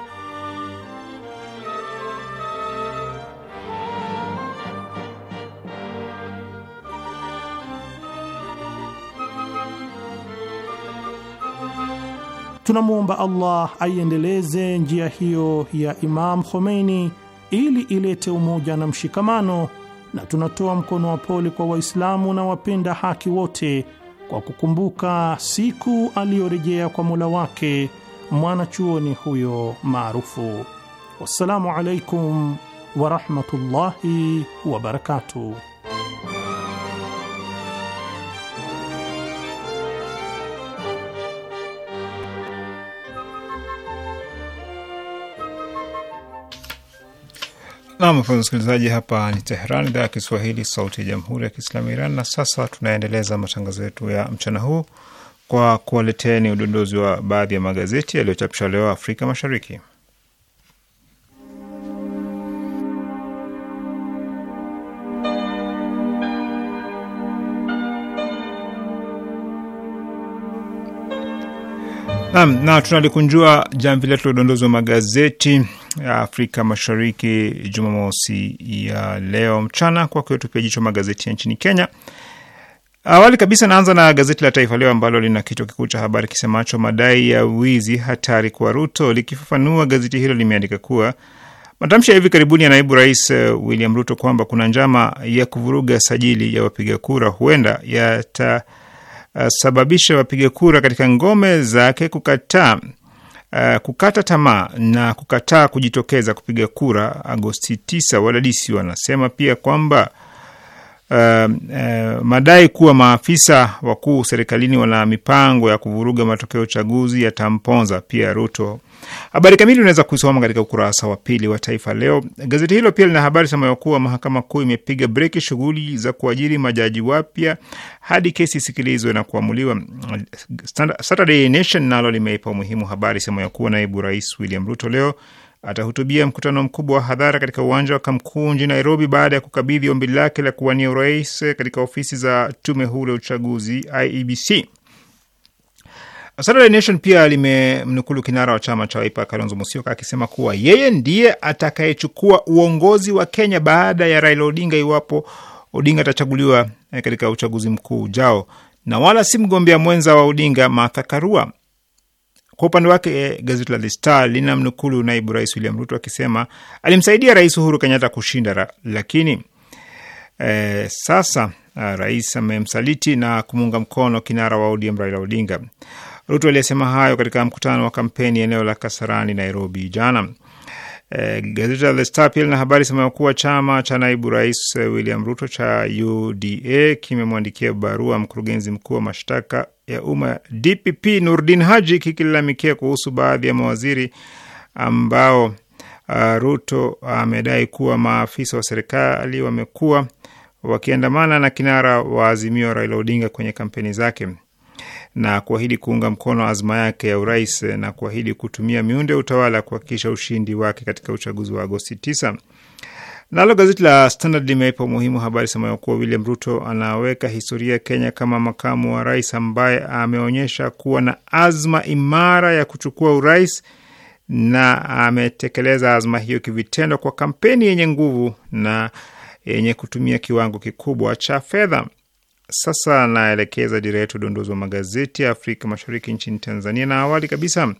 Tunamwomba Allah aiendeleze njia hiyo ya Imam Khomeini ili ilete umoja na mshikamano, na tunatoa mkono wa pole kwa Waislamu na wapenda haki wote kwa kukumbuka siku aliyorejea kwa Mola wake mwanachuoni huyo maarufu. Wassalamu alaikum warahmatullahi wabarakatuh.
Nam mpenzi msikilizaji, hapa ni Teheran, idhaa ya Kiswahili, sauti ya jamhuri ya kiislamu ya Iran. Na sasa tunaendeleza matangazo yetu ya mchana huu kwa kuwaleteni udondozi wa baadhi ya magazeti yaliyochapishwa leo Afrika Mashariki. Nam na tunalikunjua jamvi letu la udondozi wa magazeti ya Afrika Mashariki Jumamosi ya leo mchana, kwa kuyotupia jicho magazeti ya nchini Kenya. Awali kabisa naanza na gazeti la Taifa Leo ambalo lina kichwa kikuu cha habari kisemacho madai ya wizi hatari kwa Ruto. Likifafanua, gazeti hilo limeandika kuwa matamshi ya hivi karibuni ya naibu rais eh, William Ruto kwamba kuna njama ya kuvuruga sajili ya wapiga kura huenda yatasababisha wapiga kura katika ngome zake kukataa uh, kukata tamaa na kukataa kujitokeza kupiga kura Agosti 9. Wadadisi wanasema pia kwamba uh, uh, madai kuwa maafisa wakuu serikalini wana mipango ya kuvuruga matokeo ya uchaguzi yatamponza pia Ruto. Habari kamili unaweza kuisoma katika ukurasa wa pili wa Taifa Leo. Gazeti hilo pia lina habari sema kuwa mahakama kuu imepiga breki shughuli za kuajiri majaji wapya hadi kesi isikilizwe na kuamuliwa. Saturday Nation nalo limeipa umuhimu habari sema kuwa naibu rais William Ruto leo atahutubia mkutano mkubwa wa hadhara katika uwanja wa Kamkuu nchini Nairobi baada ya kukabidhi ombi lake la kuwania urais katika ofisi za tume huru ya uchaguzi IEBC. Saturday Nation pia limemnukulu kinara wa chama cha Wiper Kalonzo Musyoka akisema kuwa yeye ndiye atakayechukua uongozi wa Kenya baada ya Raila Odinga iwapo Odinga atachaguliwa eh, katika uchaguzi mkuu ujao na wala si mgombea mwenza wa Odinga Martha Karua. Kwa upande wake eh, gazeti la The Star linamnukulu naibu rais William Ruto akisema alimsaidia rais Uhuru Kenyatta kushinda, lakini eh, sasa ah, rais amemsaliti na kumuunga mkono kinara wa ODM Raila Odinga. Ruto aliyesema hayo katika mkutano wa kampeni eneo la Kasarani, Nairobi jana. Eh, gazeti la The Star pia lina habari sema kuwa chama cha naibu rais William Ruto cha UDA kimemwandikia barua mkurugenzi mkuu wa mashtaka ya umma DPP Nurdin Haji kikilalamikia kuhusu baadhi ya mawaziri ambao uh, Ruto amedai uh, kuwa maafisa wa serikali wamekuwa wakiandamana na kinara wa Azimio Raila Odinga kwenye kampeni zake na kuahidi kuunga mkono azma yake ya urais na kuahidi kutumia miundo ya utawala kuhakikisha ushindi wake katika uchaguzi wa Agosti Nalo gazeti la Standard limeipa umuhimu habari semayo kuwa William Ruto anaweka historia Kenya kama makamu wa rais ambaye ameonyesha kuwa na azma imara ya kuchukua urais na ametekeleza azma hiyo kivitendo kwa kampeni yenye nguvu na yenye kutumia kiwango kikubwa cha fedha. Sasa naelekeza dira yetu dondozi wa magazeti ya Afrika Mashariki nchini Tanzania, na awali kabisa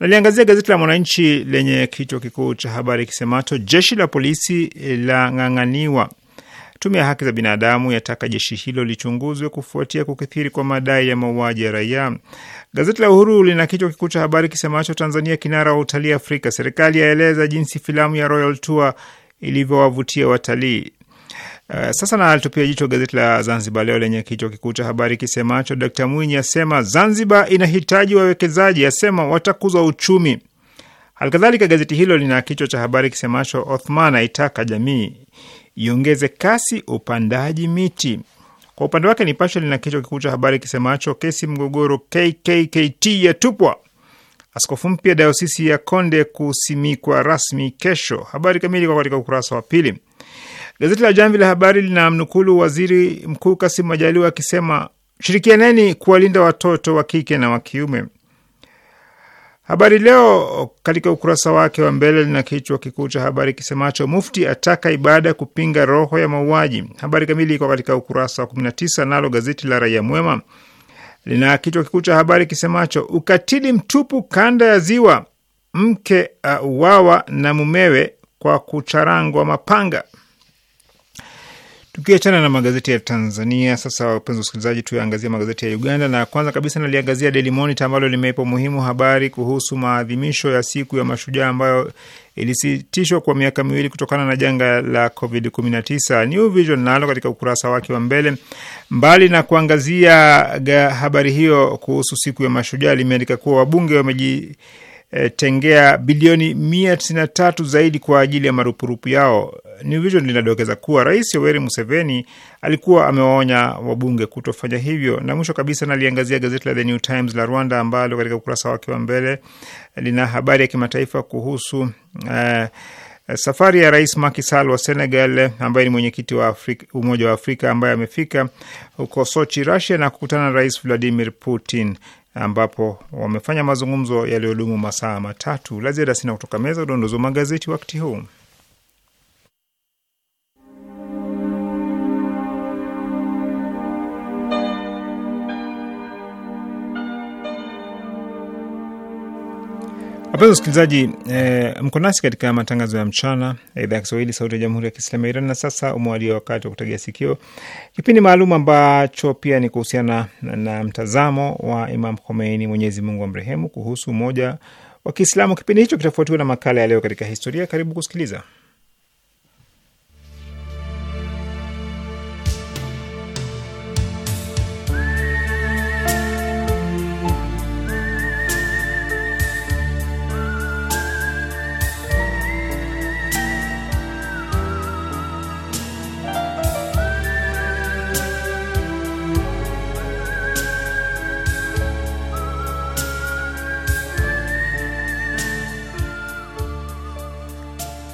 Naliangazia gazeti la Mwananchi lenye kichwa kikuu cha habari kisemacho jeshi la polisi la ng'ang'aniwa. Tume ya haki za binadamu yataka jeshi hilo lichunguzwe kufuatia kukithiri kwa madai ya mauaji ya raia. Gazeti la Uhuru lina kichwa kikuu cha habari kisemacho Tanzania kinara wa utalii Afrika, serikali yaeleza jinsi filamu ya Royal Tour ilivyowavutia watalii. Eh, sasa na alitupia jicho gazeti la Zanzibar Leo lenye kichwa kikuu cha habari kisemacho Dkt Mwinyi asema Zanzibar inahitaji wawekezaji, asema watakuza uchumi. Halikadhalika, gazeti hilo lina kichwa cha habari kisemacho Othman aitaka jamii iongeze kasi upandaji miti. Kwa upande wake, Nipashe lina kichwa kikuu cha habari kisemacho kesi mgogoro KKKT yatupwa, askofu mpya dayosisi ya Konde kusimikwa rasmi kesho. Habari kamili kwa katika ukurasa wa pili. Gazeti la Jamvi la Habari linamnukulu waziri mkuu Kasim Majaliwa akisema shirikianeni kuwalinda watoto wa kike na wa kiume. Habari Leo katika ukurasa wake wa mbele lina kichwa kikuu cha habari kisemacho Mufti ataka ibada kupinga roho ya mauaji. Habari kamili iko katika ukurasa wa 19. Nalo gazeti la Raia Mwema lina kichwa kikuu cha habari kisemacho ukatili mtupu kanda ya Ziwa, mke auawa na mumewe kwa kucharangwa mapanga. Tukiachana na magazeti ya Tanzania sasa, wapenzi wasikilizaji, tuyaangazia magazeti ya Uganda, na kwanza kabisa naliangazia Daily Monitor ambalo limeipa umuhimu habari kuhusu maadhimisho ya siku ya mashujaa ambayo ilisitishwa kwa miaka miwili kutokana na janga la COVID-19. New Vision nalo katika ukurasa wake wa mbele, mbali na kuangazia habari hiyo kuhusu siku ya mashujaa, limeandika kuwa wabunge wameji e, tengea bilioni mia tatu zaidi kwa ajili ya marupurupu yao. New Vision linadokeza kuwa Rais Yoweri Museveni alikuwa amewaonya wabunge kutofanya hivyo. Na mwisho kabisa, naliangazia gazeti la The New Times la Rwanda ambalo katika ukurasa wake wa mbele lina habari ya kimataifa kuhusu uh, safari ya Rais Macky Sall wa Senegal ambaye ni mwenyekiti wa Afrika, Umoja wa Afrika ambaye amefika huko Sochi, Russia na kukutana na Rais Vladimir Putin ambapo wamefanya mazungumzo yaliyodumu masaa matatu. La ziada sina kutoka meza udondozi wa magazeti wakati huu. Wapenzi wasikilizaji, eh, mko nasi katika matangazo ya mchana ya eh, idhaa ya Kiswahili sauti ya jamhuri ya kiislamu ya Iran. Na sasa umewadia wakati wa kutegea sikio kipindi maalum ambacho pia ni kuhusiana na, na mtazamo wa Imam Khomeini, Mwenyezi Mungu amrehemu, kuhusu umoja wa Kiislamu. Kipindi hicho kitafuatiwa na makala ya leo katika historia. Karibu kusikiliza.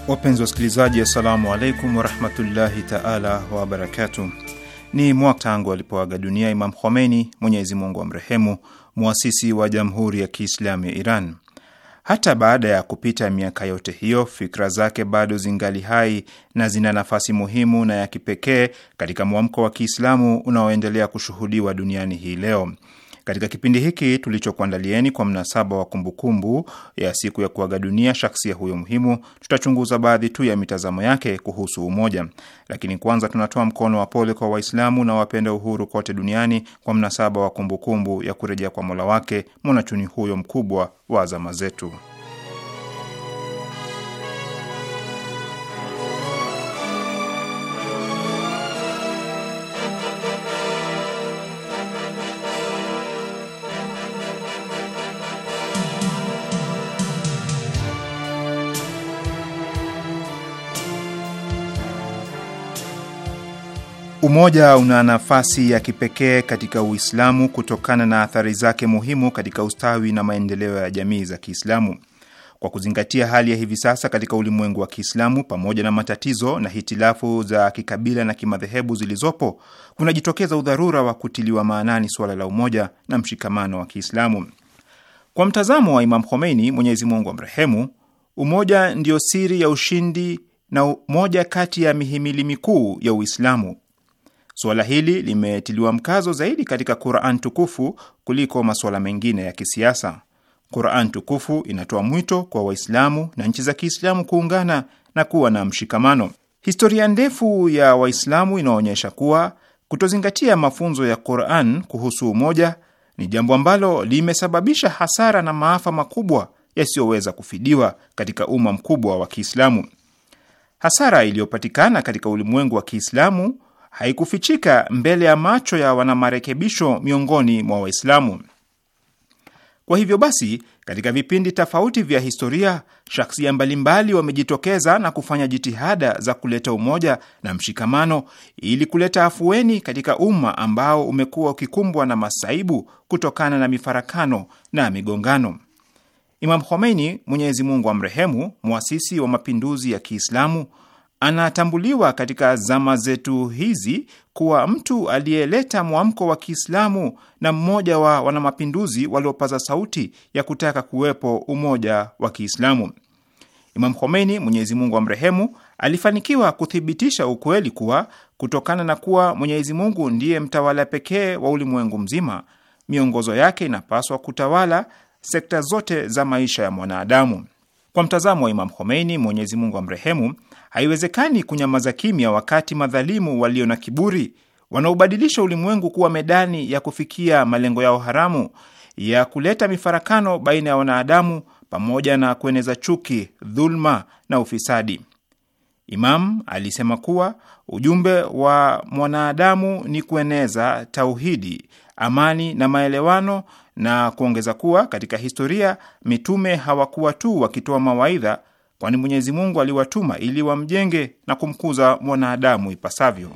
Wapenzi wasikilizaji, assalamu alaikum warahmatullahi taala wabarakatu. Ni mwaka tangu alipoaga dunia Imam Khomeini, Mwenyezi Mungu amrehemu, mwasisi wa Jamhuri ya Kiislamu ya Iran. Hata baada ya kupita miaka yote hiyo, fikra zake bado zingali hai na zina nafasi muhimu na ya kipekee katika mwamko wa Kiislamu unaoendelea kushuhudiwa duniani hii leo. Katika kipindi hiki tulichokuandalieni kwa mnasaba wa kumbukumbu ya siku ya kuaga dunia shaksia huyo muhimu, tutachunguza baadhi tu ya mitazamo yake kuhusu umoja. Lakini kwanza tunatoa mkono wa pole kwa Waislamu na wapenda uhuru kote duniani kwa mnasaba wa kumbukumbu ya kurejea kwa Mola wake mwanachuni huyo mkubwa wa zama zetu. Umoja una nafasi ya kipekee katika Uislamu kutokana na athari zake muhimu katika ustawi na maendeleo ya jamii za Kiislamu. Kwa kuzingatia hali ya hivi sasa katika ulimwengu wa Kiislamu, pamoja na matatizo na hitilafu za kikabila na kimadhehebu zilizopo, kunajitokeza udharura wa kutiliwa maanani suala la umoja na mshikamano wa Kiislamu. Kwa mtazamo wa Imam Khomeini, Mwenyezi Mungu amrehemu, umoja ndio siri ya ushindi na moja kati ya mihimili mikuu ya Uislamu. Suala hili limetiliwa mkazo zaidi katika Quran tukufu kuliko masuala mengine ya kisiasa. Quran tukufu inatoa mwito kwa Waislamu na nchi za Kiislamu kuungana na kuwa na mshikamano. Historia ndefu ya Waislamu inaonyesha kuwa kutozingatia mafunzo ya Quran kuhusu umoja ni jambo ambalo limesababisha hasara na maafa makubwa yasiyoweza kufidiwa katika umma mkubwa wa Kiislamu. Hasara iliyopatikana katika ulimwengu wa Kiislamu haikufichika mbele ya macho ya wanamarekebisho miongoni mwa Waislamu. Kwa hivyo basi, katika vipindi tofauti vya historia, shaksia mbalimbali wamejitokeza na kufanya jitihada za kuleta umoja na mshikamano ili kuleta afueni katika umma ambao umekuwa ukikumbwa na masaibu kutokana na mifarakano na migongano. Imam Khomeini, Mwenyezi Mungu amrehemu, mwasisi wa mapinduzi ya Kiislamu, anatambuliwa katika zama zetu hizi kuwa mtu aliyeleta mwamko wa Kiislamu na mmoja wa wanamapinduzi waliopaza sauti ya kutaka kuwepo umoja wa Kiislamu. Imam Khomeini, Mwenyezi Mungu amrehemu, alifanikiwa kuthibitisha ukweli kuwa kutokana na kuwa Mwenyezi Mungu ndiye mtawala pekee wa ulimwengu mzima, miongozo yake inapaswa kutawala sekta zote za maisha ya mwanadamu. Kwa mtazamo wa Imam Khomeini, Mwenyezi Mungu amrehemu, haiwezekani kunyamaza kimya wakati madhalimu walio na kiburi wanaobadilisha ulimwengu kuwa medani ya kufikia malengo yao haramu ya kuleta mifarakano baina ya wanadamu pamoja na kueneza chuki, dhulma na ufisadi. Imam alisema kuwa ujumbe wa mwanadamu ni kueneza tauhidi, amani na maelewano na kuongeza kuwa katika historia mitume hawakuwa tu wakitoa mawaidha, kwani Mwenyezi Mungu aliwatuma ili wamjenge na kumkuza mwanadamu ipasavyo.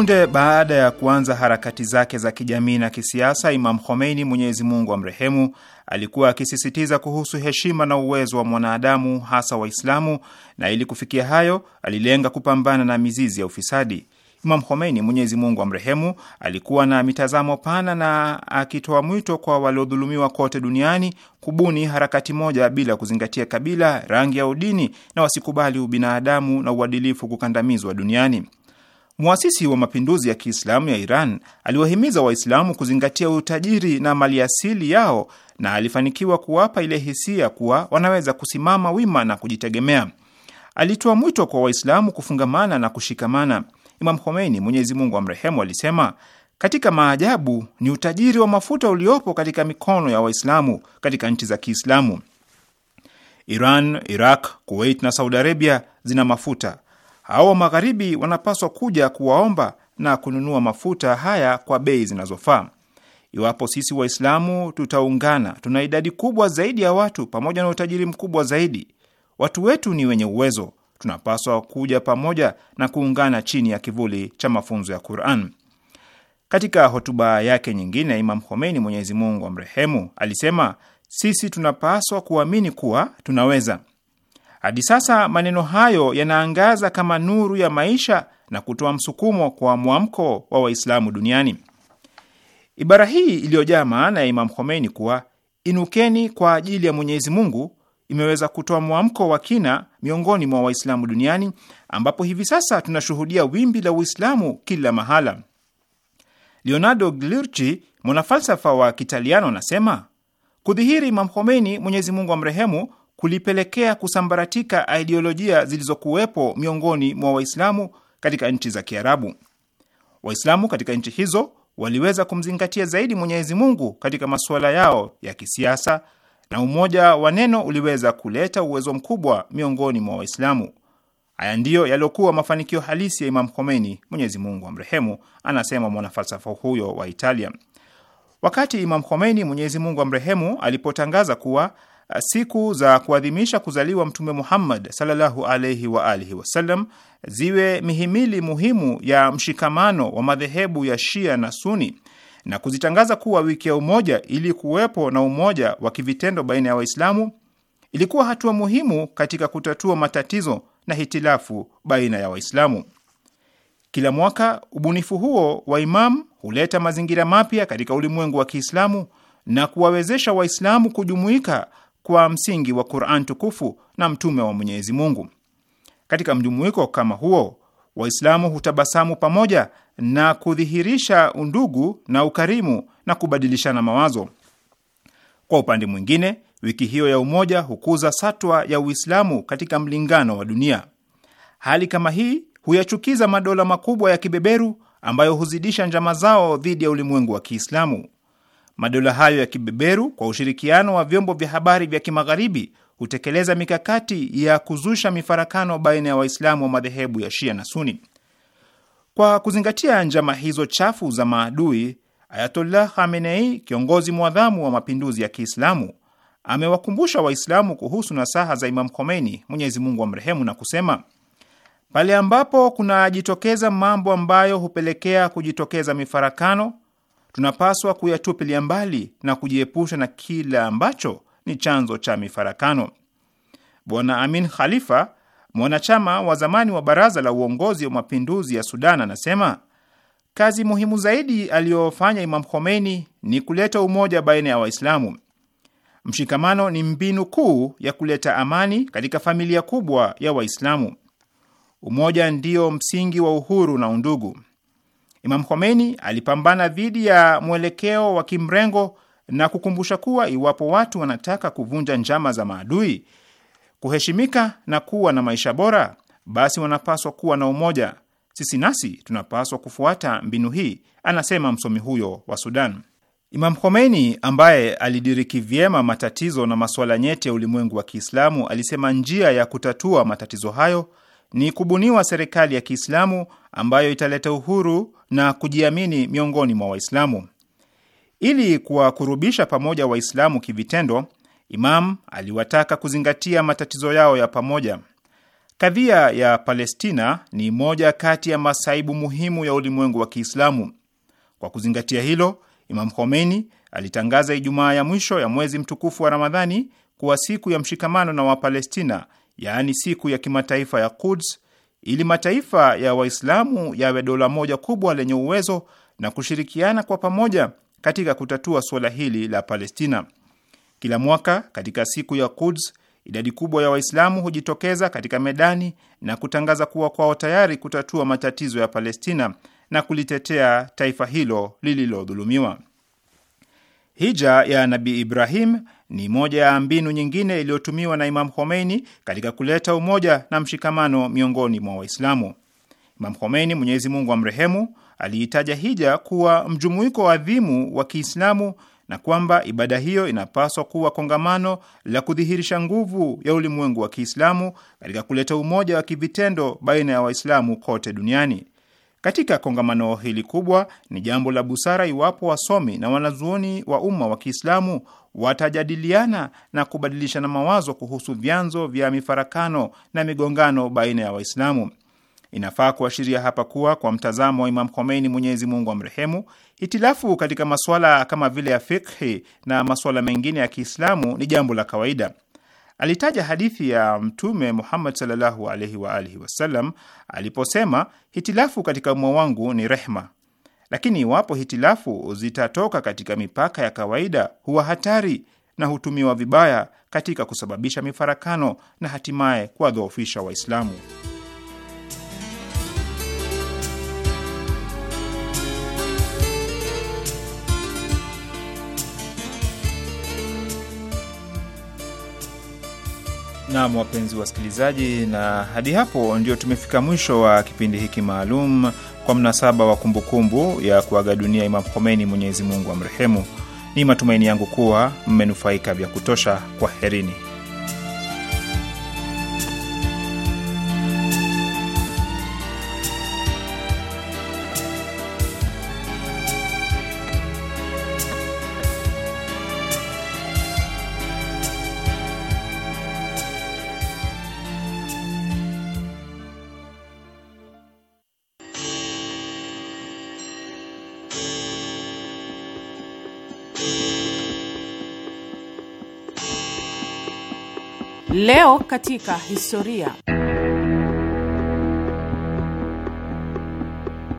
Punde baada ya kuanza harakati zake za kijamii na kisiasa, Imam Khomeini, Mwenyezi Mungu amrehemu, alikuwa akisisitiza kuhusu heshima na uwezo wa mwanadamu, hasa Waislamu, na ili kufikia hayo alilenga kupambana na mizizi ya ufisadi. Imam Khomeini, Mwenyezi Mungu amrehemu, alikuwa na mitazamo pana na akitoa mwito kwa waliodhulumiwa kote duniani kubuni harakati moja bila kuzingatia kabila, rangi au dini, na wasikubali ubinadamu na uadilifu kukandamizwa duniani. Mwasisi wa mapinduzi ya Kiislamu ya Iran aliwahimiza Waislamu kuzingatia utajiri na maliasili yao na alifanikiwa kuwapa ile hisia kuwa wanaweza kusimama wima na kujitegemea. Alitoa mwito kwa Waislamu kufungamana na kushikamana. Imam Khomeini, Mwenyezi Mungu amrehemu, alisema katika maajabu ni utajiri wa mafuta uliopo katika mikono ya Waislamu katika nchi za Kiislamu. Iran, Iraq, Kuwait na Saudi Arabia zina mafuta au wa magharibi wanapaswa kuja kuwaomba na kununua mafuta haya kwa bei zinazofaa. Iwapo sisi Waislamu tutaungana, tuna idadi kubwa zaidi ya watu pamoja na utajiri mkubwa zaidi. Watu wetu ni wenye uwezo, tunapaswa kuja pamoja na kuungana chini ya kivuli cha mafunzo ya Quran. Katika hotuba yake nyingine, Imam Khomeini, Mwenyezi Mungu amrehemu, alisema sisi tunapaswa kuamini kuwa tunaweza hadi sasa maneno hayo yanaangaza kama nuru ya maisha na kutoa msukumo kwa mwamko wa Waislamu duniani. Ibara hii iliyojaa maana ya Imam Khomeini kuwa inukeni kwa ajili ya Mwenyezi Mungu imeweza kutoa mwamko wa kina miongoni mwa Waislamu duniani ambapo hivi sasa tunashuhudia wimbi la Uislamu kila mahala. Leonardo Glirchi, mwanafalsafa wa Kitaliano, anasema kudhihiri Imam Khomeini, Mwenyezi Mungu amrehemu, kulipelekea kusambaratika aidiolojia zilizokuwepo miongoni mwa Waislamu katika nchi za Kiarabu. Waislamu katika nchi hizo waliweza kumzingatia zaidi Mwenyezi Mungu katika masuala yao ya kisiasa na umoja wa neno uliweza kuleta uwezo mkubwa miongoni mwa Waislamu. Haya ndiyo yaliyokuwa mafanikio halisi ya Imam Khomeini, Mwenyezi Mungu amrehemu, anasema mwanafalsafa huyo wa Italia. Wakati Imam Khomeini, Mwenyezi Mungu amrehemu, alipotangaza kuwa siku za kuadhimisha kuzaliwa Mtume Muhammad sallallahu alaihi wa alihi wasallam ziwe mihimili muhimu ya mshikamano wa madhehebu ya Shia na Suni na kuzitangaza kuwa wiki ya umoja ili kuwepo na umoja wa kivitendo baina ya Waislamu ilikuwa hatua muhimu katika kutatua matatizo na hitilafu baina ya Waislamu. Kila mwaka ubunifu huo wa Imam huleta mazingira mapya katika ulimwengu wa Kiislamu na kuwawezesha Waislamu kujumuika kwa msingi wa Quran tukufu na mtume wa Mwenyezi Mungu. Katika mjumuiko kama huo, Waislamu hutabasamu pamoja na kudhihirisha undugu na ukarimu na kubadilishana mawazo. Kwa upande mwingine, wiki hiyo ya umoja hukuza satwa ya Uislamu katika mlingano wa dunia. Hali kama hii huyachukiza madola makubwa ya kibeberu ambayo huzidisha njama zao dhidi ya ulimwengu wa Kiislamu. Madola hayo ya kibeberu kwa ushirikiano wa vyombo vya habari vya kimagharibi hutekeleza mikakati ya kuzusha mifarakano baina ya Waislamu wa madhehebu ya Shia na Suni. Kwa kuzingatia njama hizo chafu za maadui, Ayatollah Khamenei, kiongozi mwadhamu wa mapinduzi ya Kiislamu, amewakumbusha Waislamu kuhusu nasaha za Imam Khomeini, Mwenyezi Mungu amrehemu, na kusema pale ambapo kunajitokeza mambo ambayo hupelekea kujitokeza mifarakano tunapaswa kuyatupilia mbali na kujiepusha na kila ambacho ni chanzo cha mifarakano. Bwana Amin Khalifa, mwanachama wa zamani wa baraza la uongozi wa mapinduzi ya Sudan, anasema kazi muhimu zaidi aliyofanya Imam Khomeini ni kuleta umoja baina ya Waislamu. Mshikamano ni mbinu kuu ya kuleta amani katika familia kubwa ya Waislamu. Umoja ndiyo msingi wa uhuru na undugu. Imam Khomeini alipambana dhidi ya mwelekeo wa kimrengo na kukumbusha kuwa iwapo watu wanataka kuvunja njama za maadui, kuheshimika na kuwa na maisha bora, basi wanapaswa kuwa na umoja. Sisi nasi tunapaswa kufuata mbinu hii, anasema msomi huyo wa Sudan. Imam Khomeini ambaye alidiriki vyema matatizo na masuala nyeti ya ulimwengu wa Kiislamu alisema njia ya kutatua matatizo hayo ni kubuniwa serikali ya Kiislamu ambayo italeta uhuru na kujiamini miongoni mwa Waislamu. Ili kuwakurubisha pamoja Waislamu kivitendo, Imam aliwataka kuzingatia matatizo yao ya pamoja. Kadhia ya Palestina ni moja kati ya masaibu muhimu ya ulimwengu wa Kiislamu. Kwa kuzingatia hilo, Imam Khomeini alitangaza Ijumaa ya mwisho ya mwezi mtukufu wa Ramadhani kuwa siku ya mshikamano na Wapalestina yaani siku ya kimataifa ya Quds, ili mataifa ya Waislamu yawe dola moja kubwa lenye uwezo na kushirikiana kwa pamoja katika kutatua suala hili la Palestina. Kila mwaka katika siku ya Quds, idadi kubwa ya Waislamu hujitokeza katika medani na kutangaza kuwa kwao tayari kutatua matatizo ya Palestina na kulitetea taifa hilo lililodhulumiwa. Hija ya Nabii Ibrahim ni moja ya mbinu nyingine iliyotumiwa na Imam Khomeini katika kuleta umoja na mshikamano miongoni mwa Waislamu. Imam Khomeini, Mwenyezi Mungu amrehemu, aliitaja hija kuwa mjumuiko adhimu wa Kiislamu na kwamba ibada hiyo inapaswa kuwa kongamano la kudhihirisha nguvu ya ulimwengu wa Kiislamu katika kuleta umoja wa kivitendo baina ya Waislamu kote duniani. Katika kongamano hili kubwa, ni jambo la busara iwapo wasomi na wanazuoni wa umma wa Kiislamu watajadiliana na kubadilishana mawazo kuhusu vyanzo vya mifarakano na migongano baina ya Waislamu. Inafaa kuashiria hapa kuwa kwa mtazamo wa Imam Khomeini, Mwenyezi Mungu amrehemu, hitilafu katika masuala kama vile ya fikhi na masuala mengine ya Kiislamu ni jambo la kawaida. Alitaja hadithi ya Mtume Muhammad sallallahu alaihi wa alihi wasallam aliposema, hitilafu katika umma wangu ni rehma, lakini iwapo hitilafu zitatoka katika mipaka ya kawaida huwa hatari na hutumiwa vibaya katika kusababisha mifarakano na hatimaye kuwadhoofisha Waislamu. nam wapenzi wasikilizaji, na hadi hapo ndio tumefika mwisho wa kipindi hiki maalum kwa mnasaba wa kumbukumbu kumbu ya kuaga dunia Imam Khomeini, Mwenyezi Mungu amrehemu. Ni matumaini yangu kuwa mmenufaika vya kutosha. Kwaherini.
Leo katika historia.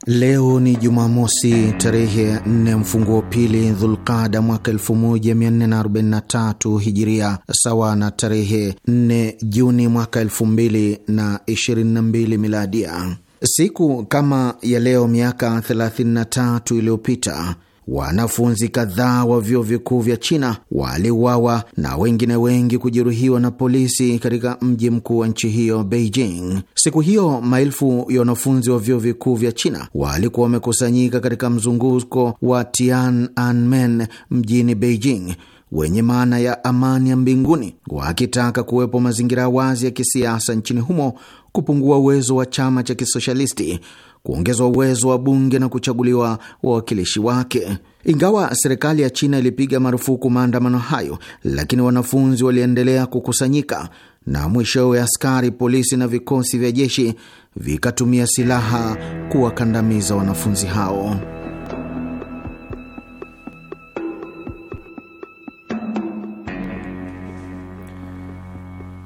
Leo ni Jumamosi, tarehe ya nne mfunguo pili Dhulqada mwaka 1443 Hijiria, sawa na tarehe 4 Juni mwaka 2022 Miladia. Siku kama ya leo miaka 33 iliyopita Wanafunzi kadhaa wa vyuo vikuu vya China waliuawa na wengine wengi kujeruhiwa na polisi katika mji mkuu wa nchi hiyo Beijing. Siku hiyo maelfu ya wanafunzi wa vyuo vikuu vya China walikuwa wamekusanyika katika mzunguko wa Tiananmen mjini Beijing wenye maana ya amani ya mbinguni, wakitaka kuwepo mazingira wazi ya kisiasa nchini humo, kupungua uwezo wa chama cha kisoshalisti kuongezwa uwezo wa bunge na kuchaguliwa wawakilishi wake. Ingawa serikali ya China ilipiga marufuku maandamano hayo, lakini wanafunzi waliendelea kukusanyika na mwishowe askari polisi na vikosi vya jeshi vikatumia silaha kuwakandamiza wanafunzi hao.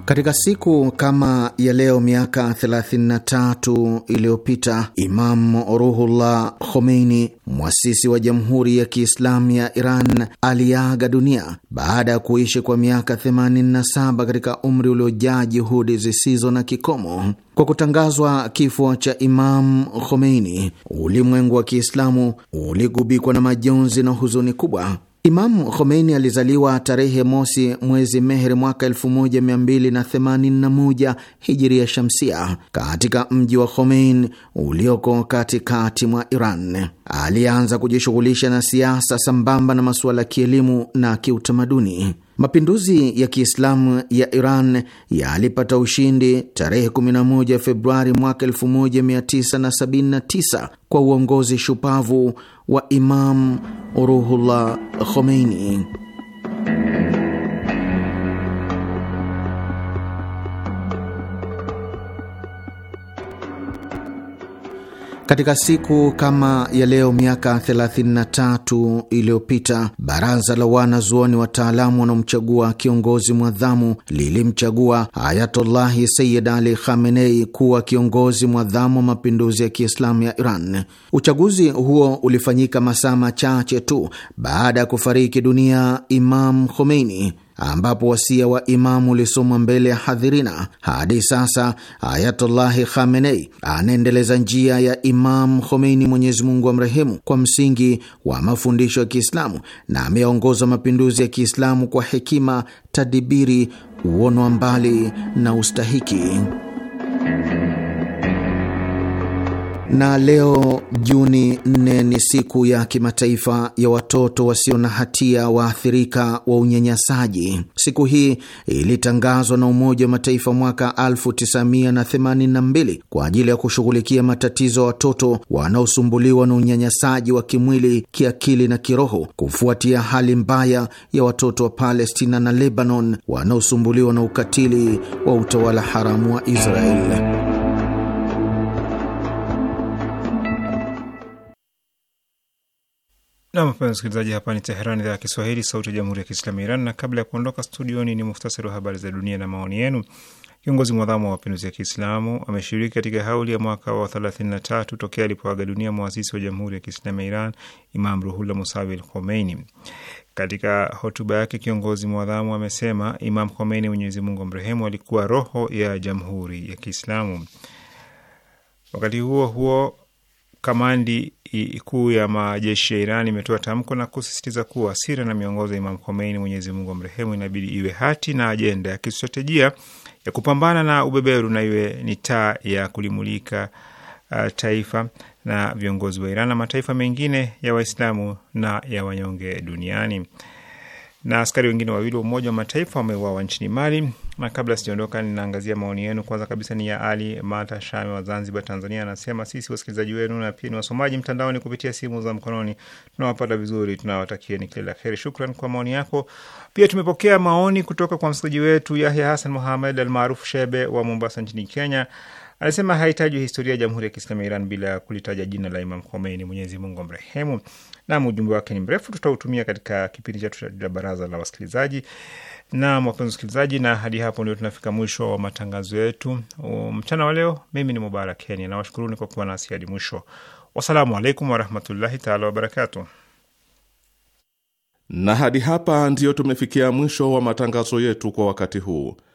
Katika siku kama ya leo miaka 33 iliyopita Imam Ruhullah Khomeini, mwasisi wa Jamhuri ya Kiislamu ya Iran, aliaga dunia baada ya kuishi kwa miaka 87 katika umri uliojaa juhudi zisizo na kikomo. Kwa kutangazwa kifo cha Imam Khomeini, ulimwengu wa Kiislamu uligubikwa na majonzi na huzuni kubwa imam Khomeini alizaliwa tarehe mosi mwezi Meheri mwaka 1281 hijiria shamsia katika mji wa Khomein ulioko katikati mwa Iran. Alianza kujishughulisha na siasa sambamba na masuala ya kielimu na kiutamaduni. Mapinduzi ya Kiislamu ya Iran yalipata ushindi tarehe 11 Februari mwaka 1979 kwa uongozi shupavu wa Imam Ruhullah Khomeini. Katika siku kama ya leo miaka 33 iliyopita baraza la wanazuoni wataalamu wanaomchagua kiongozi mwadhamu lilimchagua Ayatollahi Sayyid Ali Khamenei kuwa kiongozi mwadhamu wa mapinduzi ya Kiislamu ya Iran. Uchaguzi huo ulifanyika masaa machache tu baada ya kufariki dunia Imam Khomeini ambapo wasia wa Imamu ulisomwa mbele ya hadhirina. Hadi sasa Ayatullahi Khamenei anaendeleza njia ya Imam Khomeini, Mwenyezi Mungu amrehemu, kwa msingi wa mafundisho ya Kiislamu na ameongoza mapinduzi ya Kiislamu kwa hekima, tadibiri, uono wa mbali na ustahiki na leo Juni 4 ni siku ya kimataifa ya watoto wasio na hatia waathirika wa unyanyasaji. Siku hii ilitangazwa na Umoja wa Mataifa mwaka 1982 kwa ajili ya kushughulikia matatizo ya watoto wanaosumbuliwa na unyanyasaji wa kimwili, kiakili na kiroho, kufuatia hali mbaya ya watoto wa Palestina na Lebanon wanaosumbuliwa na ukatili wa utawala haramu wa Israeli.
Nam mpenzi msikilizaji, hapa ni Teheran, idhaa ya Kiswahili, sauti ya jamhuri ya kiislamu ya Iran. Na kabla ya kuondoka studioni, ni muhtasari wa habari za dunia na maoni yenu. Kiongozi mwadhamu wa mapinduzi ya Kiislamu ameshiriki katika hauli ya mwaka wa 33 tokea alipoaga dunia mwasisi wa jamhuri ya Kiislamu ya Iran, Imam Ruhullah Musawi al Khomeini. Katika hotuba yake, kiongozi mwadhamu amesema Imam Khomeini, Mwenyezi Mungu amrehemu, alikuwa roho ya jamhuri ya Kiislamu. Wakati huo huo kamandi kuu ya majeshi ya Iran imetoa tamko na kusisitiza kuwa sira na miongozo ya Imam Khomeini, Mwenyezi Mungu amrehemu, inabidi iwe hati na ajenda ya kistratejia ya kupambana na ubeberu na iwe ni taa ya kulimulika uh, taifa na viongozi wa Iran na mataifa mengine ya Waislamu na ya wanyonge duniani na askari wengine wawili wa Umoja wa Mataifa wameuawa nchini Mali. Na kabla sijaondoka, ninaangazia maoni yenu. Kwanza kabisa ni ya Ali Mata Shame wa Zanzibar, Tanzania. Anasema sisi wasikilizaji wenu na pia ni wasomaji mtandaoni kupitia simu za mkononi, tunawapata vizuri, tunawatakia ni kile la heri. Shukran kwa maoni yako. Pia tumepokea maoni kutoka kwa msikilizaji wetu Yahya Hasan Muhamed almaarufu Shebe wa Mombasa nchini Kenya. Anasema haitajwi historia ya Jamhuri ya Kiislamu ya Iran bila kulitaja jina la Imam Khomeini, Mwenyezi Mungu amrehemu. Nam, ujumbe wake ni mrefu, tutautumia katika kipindi chetu cha baraza la wasikilizaji. na wapenzi wasikilizaji, na hadi hapo ndio tunafika mwisho wa matangazo yetu mchana wa leo. Mimi ni Mubarak Kenya, nawashukuruni kwa kuwa nasi hadi mwisho. Wassalamu alaikum warahmatullahi taala wabarakatu.
Na hadi hapa ndiyo tumefikia mwisho wa matangazo yetu kwa wakati huu.